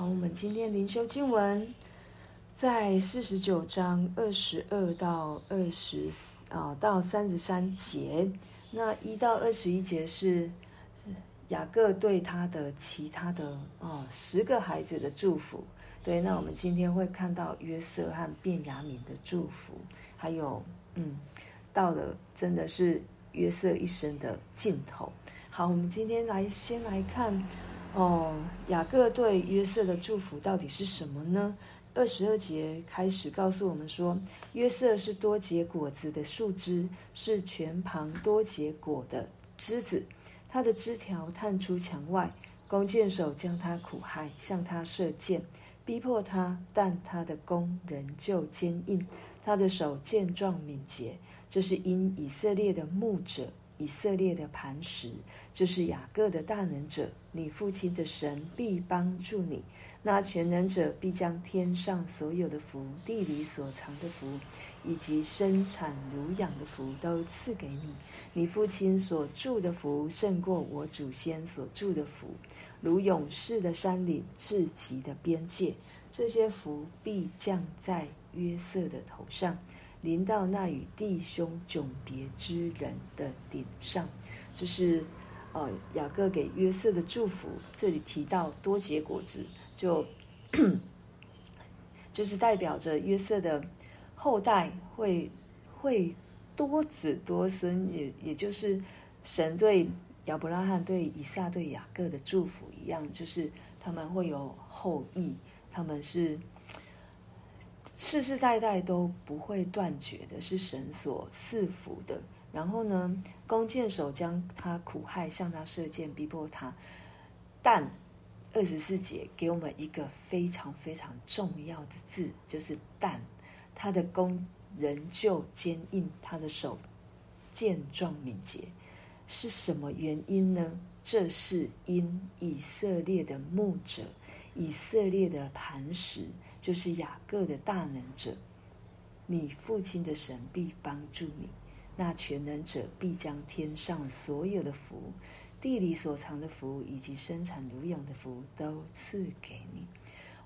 好，我們今天靈修經文在四十九章二十二到二十啊，到三十三節，那一到二十一節是雅各對他的其他的哦十個孩子的祝福。對，那我們今天會看到約瑟和便雅憫的祝福，還有嗯，到了真的是約瑟一生的盡頭。好，我們今天來先來看。哦，雅各對約瑟的祝福到底是什麼呢？二十二節開始告訴我們說，約瑟是多結果子的樹枝，是泉旁多結果的枝子。他的枝條探出牆外，弓箭手將他苦害，向他射箭，逼迫他，但他的弓仍舊堅硬，他的手健壯敏捷。這是因以色列的牧者。以色列的磐石就是雅各的大能者，你父親的神必幫助你。那全能者必將天上所有的福、地裡所藏的福，以及生產乳養的福，都賜給你。你父親所祝的福勝過我祖先所祝的福，如永世的山嶺至極的邊界，這些福必降在約瑟的頭上。臨到那與弟兄迥別之人的頂上，就是呃、哦、雅各給約瑟的祝福。這裡提到多結果子，就就是代表着約瑟的後代會會多子多孫，也也就是神對亞伯拉罕、對以撒、對雅各的祝福一樣，就是他們會有後裔，他們是。世世代代都不會斷絕的，是神所賜福的。然後呢，弓箭手將他苦害，向他射箭，逼迫他。但二十四節給我們一個非常非常重要的字，就是“但”。他的弓仍舊堅硬，他的手健壯敏捷。是什麼原因呢？這是因以色列的牧者，以色列的磐石。就是雅各的大能者，你父親的神必幫助你。那全能者必將天上所有的福、地裡所藏的福，以及生產、乳養的福，都賜給你。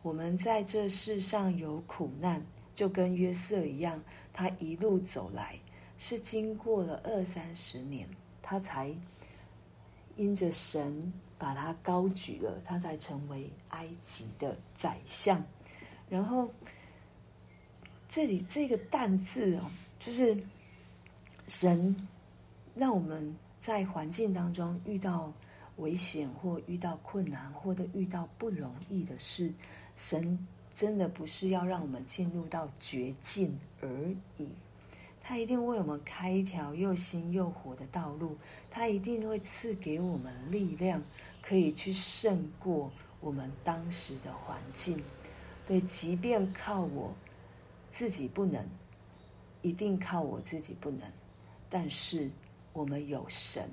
我們在這世上有苦難，就跟約瑟一樣，他一路走來，是經過了二三十年，他才因着神把他高舉了，他才成為埃及的宰相。然後，這裡這個“淡”字哦，就是神讓我們在環境當中遇到危險或遇到困難，或者遇到不容易的事，神真的不是要讓我們進入到絕境而已。他一定為我們開一條又新又活的道路，他一定會賜給我們力量，可以去勝過我們當時的環境。對，即便靠我自己不能，一定靠我自己不能，但是我們有神。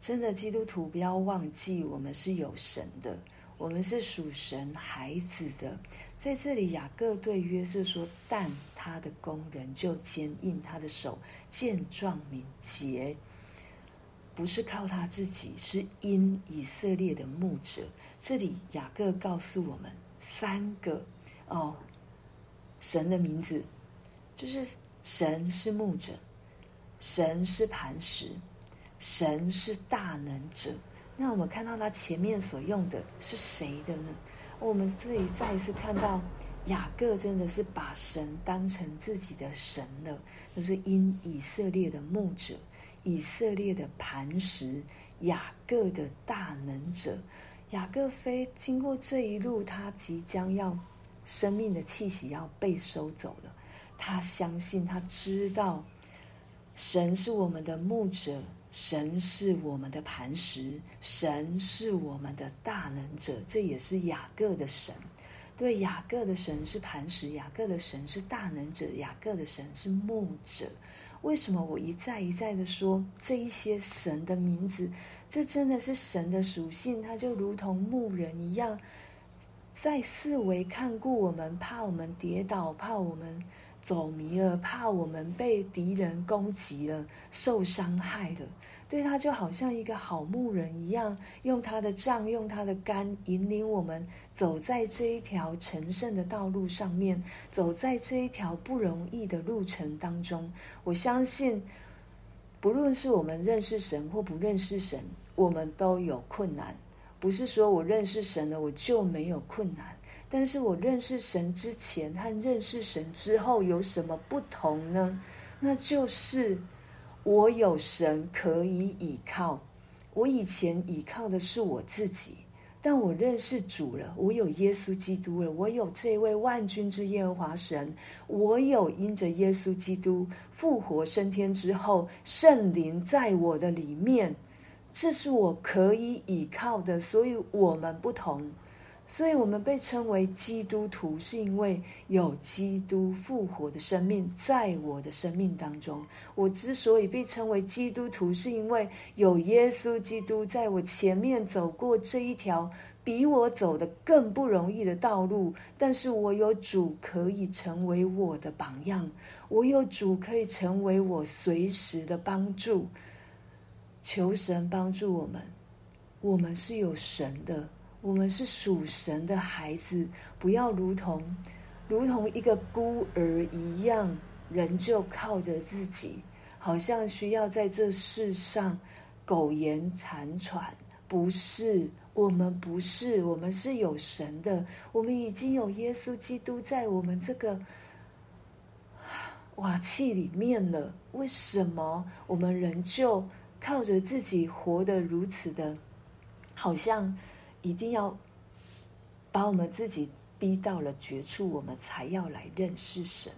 真的，基督徒不要忘記，我們是有神的，我們是屬神孩子的。在這裡，雅各對約瑟說：“但他的弓仍就堅硬他的手，健壯敏捷，不是靠他自己，是因以色列的牧者。”這裡雅各告訴我們三個。哦，神的名字就是神是牧者，神是磐石，神是大能者。那我們看到他前面所用的是誰的呢？我們這裡再一次看到雅各真的是把神當成自己的神了，就是因以色列的牧者，以色列的磐石，雅各的大能者。雅各非經過這一路，他即將要。生命的氣息要被收走了，他相信，他知道，神是我們的牧者，神是我們的磐石，神是我們的大能者。這也是雅各的神，對，雅各的神是磐石，雅各的神是大能者，雅各的神是牧者。為什麼我一再一再的說這一些神的名字？這真的是神的屬性，他就如同牧人一樣。在四圍看顧我們，怕我們跌倒，怕我們走迷了，怕我們被敵人攻擊了、受傷害了。對他就好像一個好牧人一樣，用他的杖、用他的竿引領我們走在這一條神聖的道路上面，走在這一條不容易的路程當中。我相信，不論是我們認識神或不認識神，我們都有困難。不是說我認識神了，我就沒有困難。但是我認識神之前和認識神之後有什麼不同呢？那就是我有神可以倚靠，我以前倚靠的是我自己，但我認識主了，我有耶穌基督了，我有這位萬軍之耶和華神，我有因着耶穌基督復活升天之後，聖靈在我的裡面。這是我可以依靠的，所以我們不同，所以我們被稱為基督徒，是因為有基督復活的生命在我的生命當中。我之所以被稱為基督徒，是因為有耶穌基督在我前面走過這一條比我走得更不容易的道路。但是我有主可以成為我的榜樣，我有主可以成為我隨時的幫助。求神幫助我們。我們是有神的，我們是屬神的孩子。不要如同如同一個孤兒一樣，仍舊靠着自己，好像需要在這世上苟延殘喘。不是，我們不是，我們是有神的，我們已經有耶穌基督在我們這個瓦器裡面了。為什麼我們仍舊？靠着自己活得如此的，好像一定要把我們自己逼到了絕處，我們才要來認識神。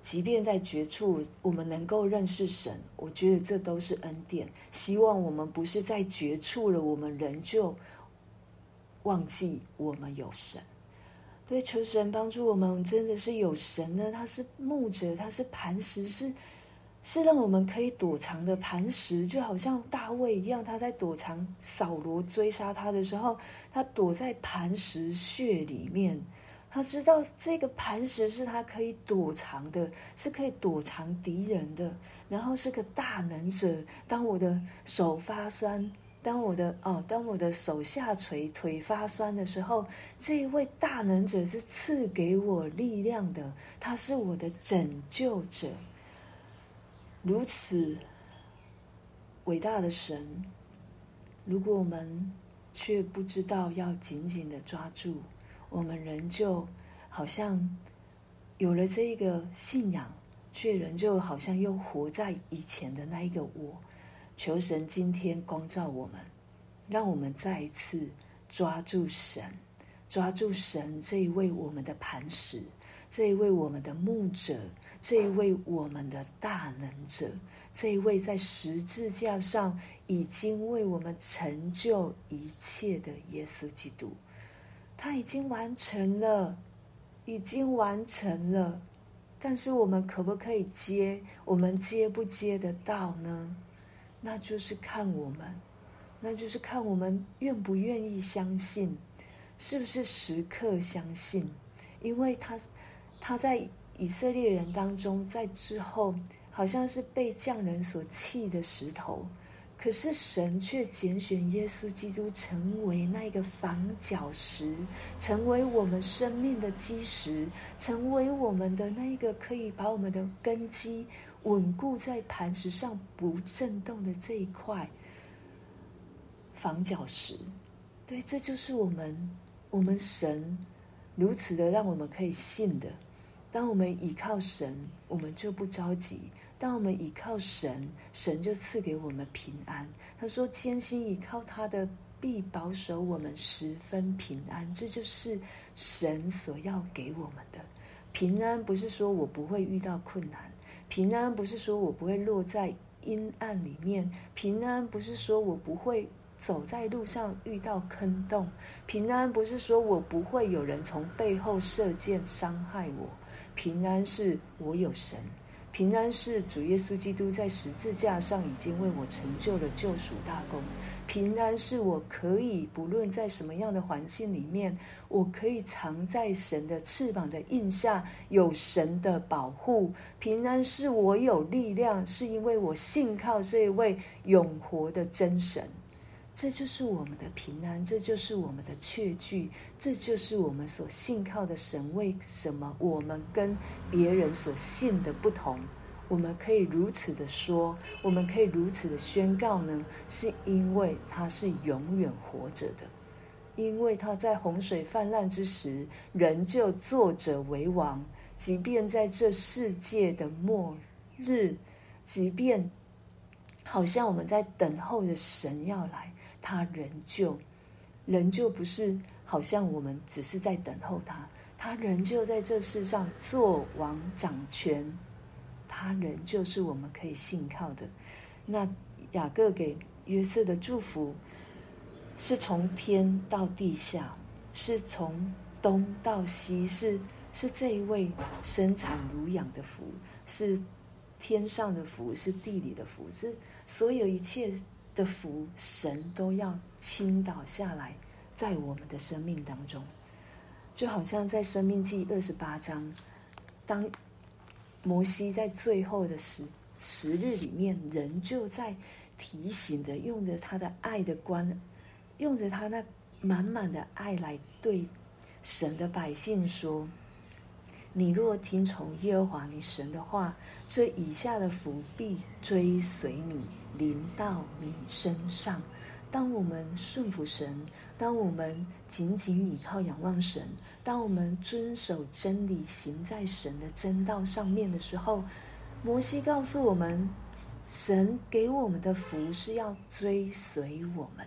即便在絕處，我們能夠認識神，我覺得這都是恩典。希望我們不是在絕處了，我們仍舊忘記我們有神。對，求神幫助我們，真的是有神呢。他是牧者，他是磐石，是。是讓我們可以躲藏的磐石，就好像大衛一樣，他在躲藏掃羅追殺他的時候，他躲在磐石穴裡面。他知道這個磐石是他可以躲藏的，是可以躲藏敵人的。然後是個大能者。當我的手發酸，當我的哦，當我的手下垂，腿發酸的時候，這一位大能者是賜給我力量的。他是我的拯救者。如此偉大的神，如果我們卻不知道要緊緊地抓住，我們仍舊好像有了這一個信仰，卻仍舊好像又活在以前的那一個我。求神今天光照我們，讓我們再一次抓住神，抓住神這一位我們的磐石，這一位我們的牧者。這一位我們的大能者，這一位在十字架上已經為我們成就一切的耶穌基督，他已經完成了，已經完成了。但是我們可不可以接？我們接不接得到呢？那就是看我們，那就是看我們願不願意相信，是不是時刻相信？因為他，他在。以色列人當中，在之後好像是被匠人所棄的石頭，可是神卻揀選耶穌基督成為那個房角石，成為我們生命的基石，成為我們的那個可以把我們的根基穩固在磐石上不震動的這一塊房角石。對，這就是我們，我們神如此的讓我們可以信的。當我們倚靠神，我們就不着急；當我們倚靠神，神就賜給我們平安。他說：“堅心倚靠他的必保守我們十分平安。”這就是神所要給我們的。平安不是說我不會遇到困難，平安不是說我不會落在陰暗裡面，平安不是說我不會走在路上遇到坑洞，平安不是說我不會有人從背後射箭傷害我。平安是我有神，平安是主耶穌基督在十字架上已經為我成就了救贖大功。平安是我可以不論在什麼樣的環境裡面，我可以藏在神的翅膀的蔭下，有神的保護。平安是我有力量，是因為我信靠這位永活的真神。這就是我們的平安，這就是我們的確據，這就是我們所信靠的神。為什麼我們跟別人所信的不同？我們可以如此的說，我們可以如此的宣告呢？是因為他是永遠活着的，因為他在洪水氾濫之時，仍舊坐著為王，即便在這世界的末日，即便好像我們在等候着神要來。他仍舊，仍舊不是好像我們只是在等候他。他仍舊在這世上做王掌權，他仍舊是我們可以信靠的。那雅各給約瑟的祝福，是從天到地下，是從東到西，是是這一位生產乳養的福，是天上的福，是地裡的福，是所有一切。的福，神都要傾倒下來，在我們的生命當中，就好像在《申命記》二十八章，當摩西在最後的時時日裡面，仍舊在提醒着，用着他的愛的觀，用着他那滿滿的愛來對神的百姓說。你若聽從耶和華你神的話，這以下的福必追隨你，臨到你身上。當我們順服神，當我們緊緊依靠仰望神，當我們遵守真理行在神的真道上面的時候，摩西告訴我們，神給我們的福是要追隨我們。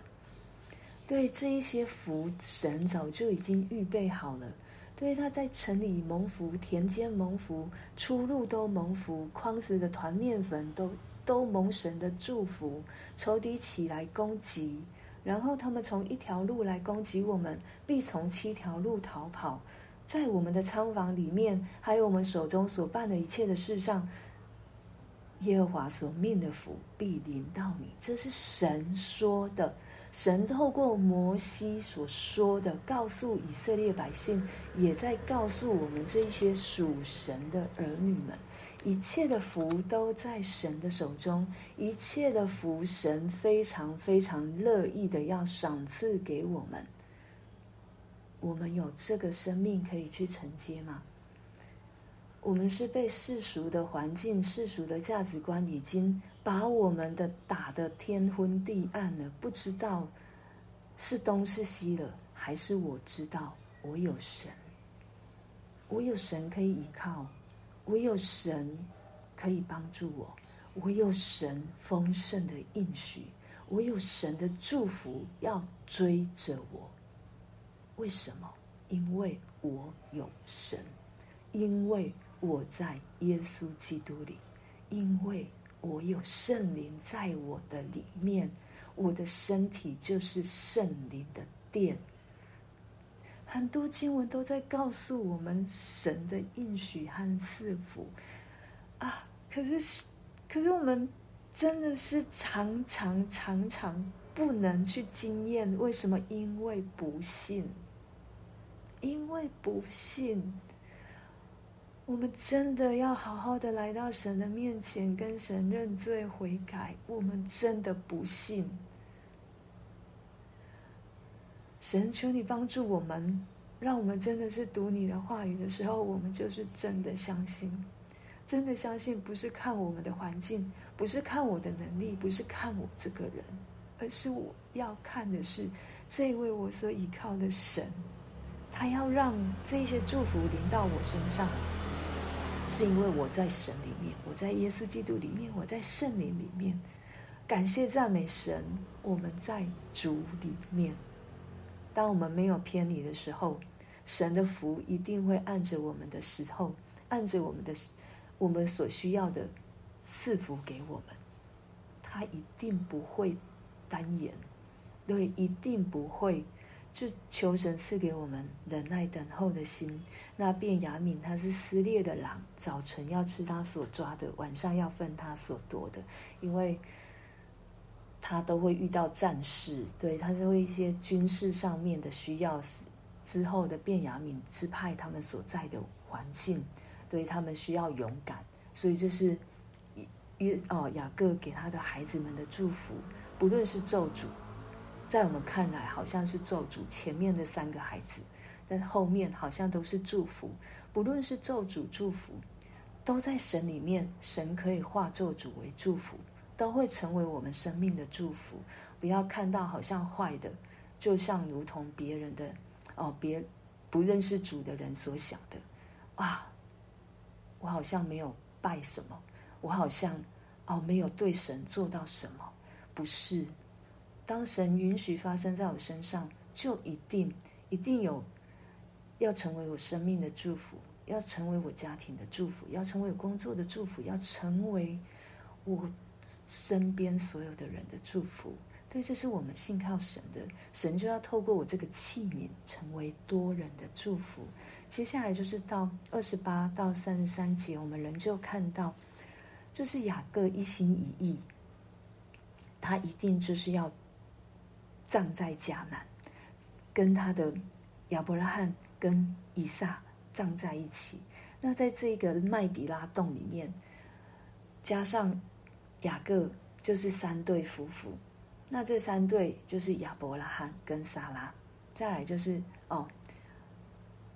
對這一些福，神早就已經預備好了。對，他在城裡蒙福，田間蒙福，出入都蒙福，筐子、的團麵粉都都蒙神的祝福。仇敵起來攻擊，然後他們從一條路來攻擊我們，必從七條路逃跑。在我們的倉房裡面，還有我們手中所辦的一切的事上，耶和華所命的福必臨到你。這是神說的。神透過摩西所說的，告訴以色列百姓，也在告訴我們這些屬神的兒女們，一切的福都在神的手中，一切的福神非常非常樂意的要賞賜給我們。我們有這個生命可以去承接嗎？我們是被世俗的環境、世俗的價值觀已經。把我們的打得天昏地暗了，不知道是東是西了，還是我知道我有神，我有神可以依靠，我有神可以幫助我，我有神豐盛的應許，我有神的祝福要追着我。為什麼？因為我有神，因為我在耶穌基督裡，因為。我有聖靈在我的裡面，我的身體就是聖靈的殿。很多經文都在告訴我們神的應許和賜福啊，可是，可是我們真的是常常常常不能去經驗，為什麼？因為不信，因為不信。我們真的要好好的來到神的面前，跟神認罪悔改。我們真的不信，神求你幫助我們，讓我們真的是讀你的話語的時候，我們就是真的相信，真的相信不是看我們的環境，不是看我的能力，不是看我這個人，而是我要看的是這位我所倚靠的神，他要讓這些祝福臨到我身上。是因為我在神裡面，我在耶穌基督裡面，我在聖靈裡面，感謝讚美神。我們在主裡面，當我們沒有偏離的時候，神的福一定會按着我們的時候，按着我們的我們所需要的賜福給我們，他一定不會單言，對，一定不會。就求神賜給我們忍耐等候的心。那便雅憫他是撕裂的狼，早晨要吃他所抓的，晚上要分他所奪的，因為他都會遇到戰事，對，他是會一些軍事上面的需要。之後的便雅憫支派他們所在的環境，對，他們需要勇敢，所以這、就是約哦雅各給他的孩子們的祝福，不論是咒詛。在我們看來，好像是咒詛前面的三個孩子，但後面好像都是祝福。不論是咒詛祝福，都在神裡面，神可以化咒詛為祝福，都會成為我們生命的祝福。不要看到好像壞的，就像如同別人的哦，別不認識主的人所想的啊，我好像沒有拜什麼，我好像哦沒有對神做到什麼，不是。當神允許發生在我身上，就一定一定有要成為我生命的祝福，要成為我家庭的祝福，要成為我工作的祝福，要成為我身邊所有的人的祝福。對，這是我們信靠神的，神就要透過我這個器皿，成為多人的祝福。接下來就是到二十八到三十三節，我們仍舊看到，就是雅各一心一意，他一定就是要。葬在迦南，跟他的亞伯拉罕跟以撒葬在一起。那在這一個麥比拉洞裡面，加上雅各，就是三對夫婦。那這三對就是亞伯拉罕跟撒拉，再來就是哦，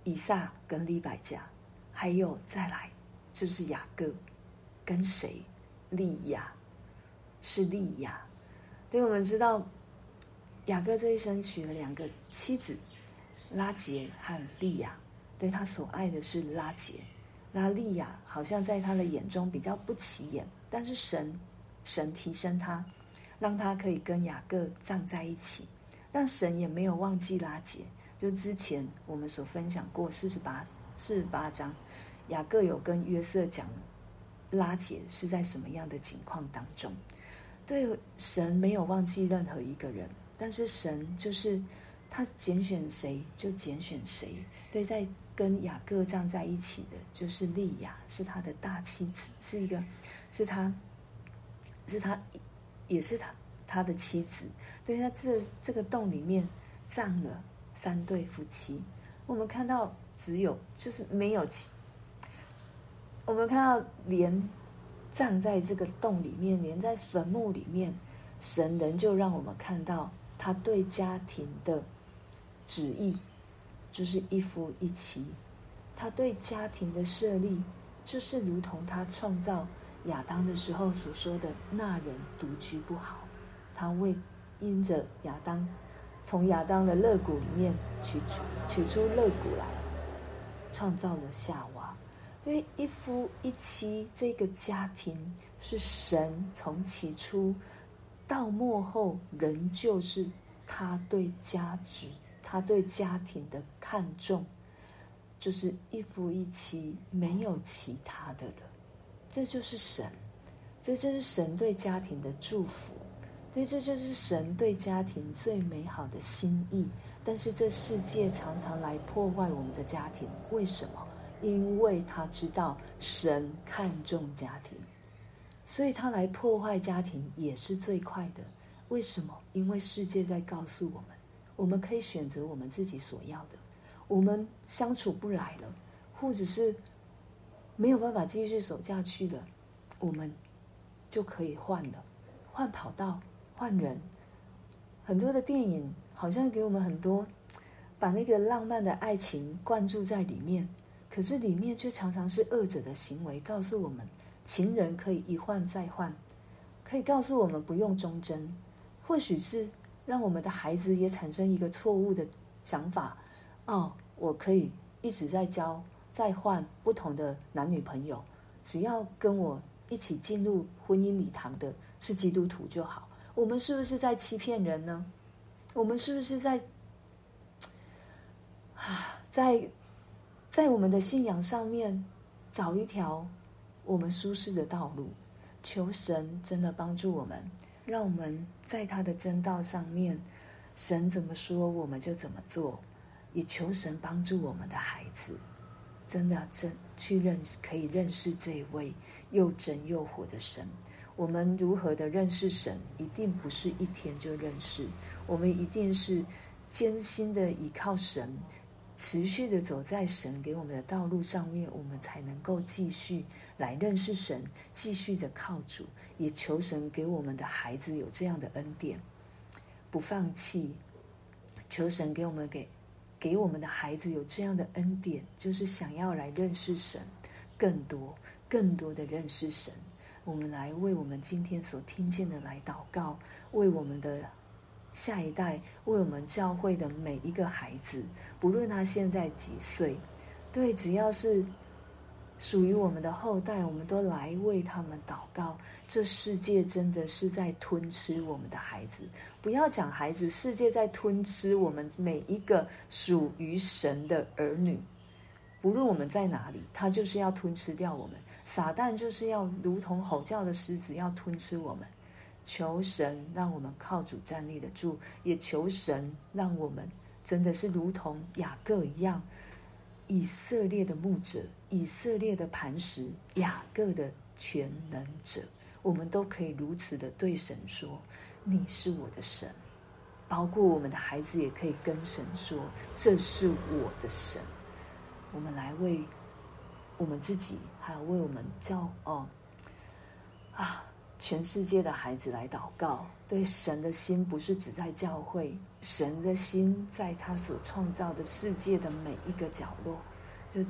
以撒跟利百加，還有再來就是雅各跟誰？利亞是利亞，對，我們知道。雅各這一生娶了兩個妻子，拉結和利亞。對，他所愛的是拉結，那利亞好像在他的眼中比較不起眼，但是神，神提升他，讓他可以跟雅各站在一起。但神也沒有忘記拉結，就之前我們所分享過四十八四十八章，雅各有跟約瑟講拉結是在什麼樣的情況當中。對，神沒有忘記任何一個人。但是神就是他揀選誰就揀選誰。對，在跟雅各葬在一起的，就是利亞，是他的大妻子，是一個，是他，是他，也是他他的妻子。對，他這這個洞裡面葬了三對夫妻。我們看到只有就是沒有，其我們看到連葬在這個洞裡面，連在墳墓裡面，神仍舊讓我們看到，他對家庭的旨意就是一夫一妻，他對家庭的設立就是如同他創造亞當的時候所說的：“那人獨居不好。”他會因着亞當，從亞當的肋骨裡面取取出肋骨來，創造了夏娃。所以一夫一妻這個家庭是神從起初。到末後，仍舊是他對家族、他對家庭的看重，就是一夫一妻，沒有其他的人，這就是神，這就是神對家庭的祝福。對，這就是神對家庭最美好的心意。但是這世界常常來破壞我們的家庭，為什麼？因為他知道神看重家庭。所以，他來破壞家庭也是最快的。為什麼？因為世界在告訴我們，我們可以選擇我們自己所要的。我們相處不來了，或者是沒有辦法繼續走下去了，我們就可以換了。換跑道，換人。很多的電影好像給我們很多，把那個浪漫的愛情灌注在裡面，可是裡面卻常常是惡者的行為，告訴我們。情人可以一換再換，可以告訴我們不用忠貞，或許是讓我們的孩子也產生一個錯誤的想法：哦，我可以一直在交、再換不同的男女朋友，只要跟我一起進入婚姻禮堂的是基督徒就好。我們是不是在欺騙人呢？我們是不是在啊，在在我們的信仰上面找一條我們舒適的道路，求神真的幫助我們，讓我們在他的真道上面，神怎麼說我們就怎麼做。也求神幫助我們的孩子，真的真去認識，可以認識這一位又真又活的神。我們如何的認識神，一定不是一天就認識，我們一定是艱辛的依靠神，持續的走在神給我們的道路上面，我們才能夠繼續。來認識神，繼續的靠主，也求神給我們的孩子有這樣的恩典，不放棄，求神給我們給給我們的孩子有這樣的恩典，就是想要來認識神更多、更多的認識神。我們來為我們今天所聽見的來禱告，為我們的下一代，為我們教會的每一個孩子，不論他現在幾歲，對，只要是。屬於我們的後代，我們都來為他們禱告。這世界真的是在吞吃我們的孩子，不要講孩子，世界在吞吃我們每一個屬於神的兒女。不論我們在哪裡，他就是要吞吃掉我們。撒旦就是要如同吼叫的獅子，要吞吃我們。求神讓我們靠主站立得住，也求神讓我們真的是如同雅各一樣，以色列的牧者。以色列的磐石，雅各的全能者，我們都可以如此的對神說：“你是我的神。”包括我們的孩子也可以跟神說：“這是我的神。”我們來為我們自己，還有為我們教哦啊，全世界的孩子來禱告。對神的心不是只在教會，神的心在他所創造的世界的每一個角落，就。